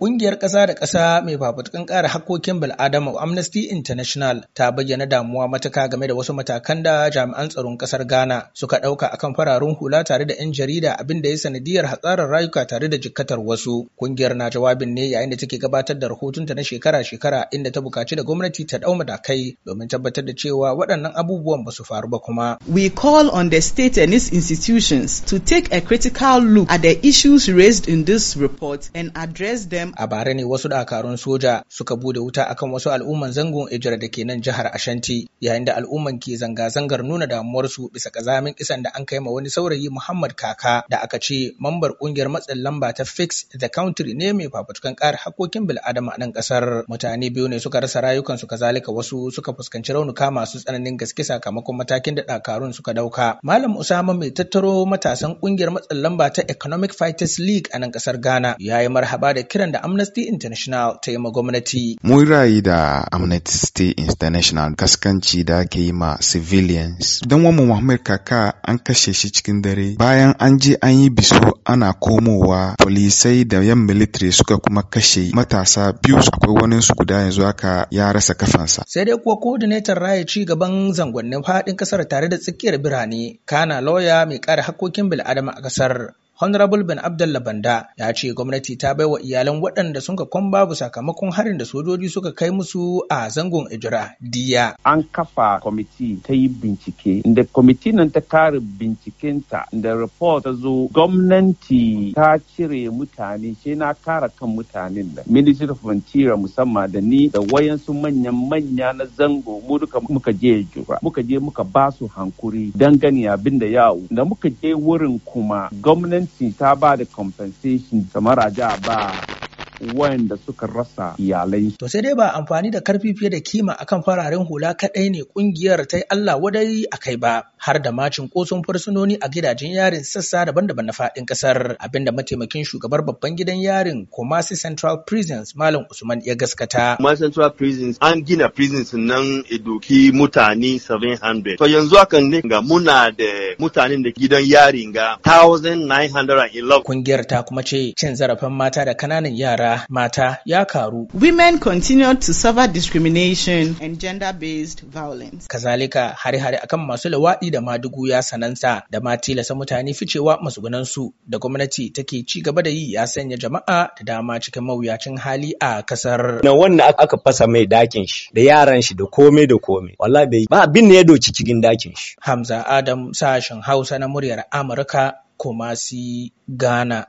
Ƙungiyar ƙasa da ƙasa mai fafutukan ƙara haƙƙoƙin bil'adama Amnesty International ta bayyana damuwa matuka game da wasu matakan da jami'an tsaron ƙasar Ghana suka ɗauka akan fararen hula tare da 'yan jarida abin da ya sanadiyar hatsarin rayuka tare da jikkatar wasu. Ƙungiyar na jawabin ne yayin da take gabatar da rahotonta na shekara-shekara inda ta buƙaci da gwamnati ta ɗau matakai domin tabbatar da cewa waɗannan abubuwan ba su faru ba kuma. We call on the state and its institutions to take a critical look at the issues raised in this report and address them Ibrahim a bara ne wasu dakarun soja suka bude wuta akan wasu al'umman zangon Ejira da ke nan jihar Ashanti yayin da al'umman ke zanga-zangar nuna damuwarsu bisa kazamin kisan da an kai ma wani saurayi Muhammad Kaka da aka ce mambar kungiyar matsin lamba ta Fix the Country ne mai fafutukan kar hakokin bil'adama a nan kasar mutane biyu ne suka rasa rayukansu kazalika wasu suka fuskanci raunuka masu tsananin gaske sakamakon matakin da dakarun suka dauka. Malam Usama mai tattaro matasan kungiyar matsin lamba ta Economic Fighters League a nan kasar Ghana ya marhaba da kiran da Amnesty International ta yi ma gwamnati. Mun rayu da Amnesty International kaskanci da ake yi ma civilians. Don wani Muhammad Kaka an kashe shi cikin dare bayan an je an yi biso ana komowa polisai da yan military suka kuma kashe matasa biyu akwai wani su guda yanzu haka ya rasa kafansa. Sai dai kuwa coordinator raya ci gaban zangonnin faɗin ƙasar tare da tsakiyar birane kana lauya mai ƙara hakokin bil'adama a ƙasar Honorable Ben Abdullah Banda ya ce gwamnati ta baiwa iyalan waɗanda sun kwan babu sakamakon harin da sojoji suka kai musu a zangon Ijira diya. An kafa kwamiti ta yi bincike, inda kwamiti nan ta kare bincikenta da report ta zo gwamnati ta cire mutane sai na kara kan mutanen da. Ministry of Interior musamman da ni da wayansu manyan manya na zango mu duka muka je jura Muka je muka ba su hankuri dangane abin da yawo. Da muka je wurin kuma gwamnati gwamnati ta ba da compensation kamar a ba wayanda suka rasa iyalai. To sai dai ba amfani da karfi fiye da kima akan fararen hula kaɗai ne ƙungiyar ta yi Allah wadai a kai ba har da macin kosun fursunoni a gidajen yarin sassa daban-daban na faɗin ƙasar abinda mataimakin shugabar babban gidan yarin Kumasi Central Prisons Malam Usman ya gaskata. Kumasi Central Prisons an gina prisons nan e doki mutane 700. To yanzu akan ne ga muna da mutanen da gidan yarin ga 1911. Kungiyar ta kuma ce cin zarafin mata da kananan yara yara mata ya karu. Women continue to suffer discrimination and gender-based violence. Kazalika hare-hare akan masu lawaɗi da madugu ya sanansa, da ma tilasa mutane ficewa masugunansu da gwamnati take ci gaba da yi ya sanya jama'a da dama cikin mawuyacin hali a kasar. Na wannan aka fasa mai dakin shi da yaran shi da komai da komai. Wallahi bai ba abin ne ya doci cikin dakin shi. Hamza Adam sashen Hausa na muryar Amurka Kumasi Ghana.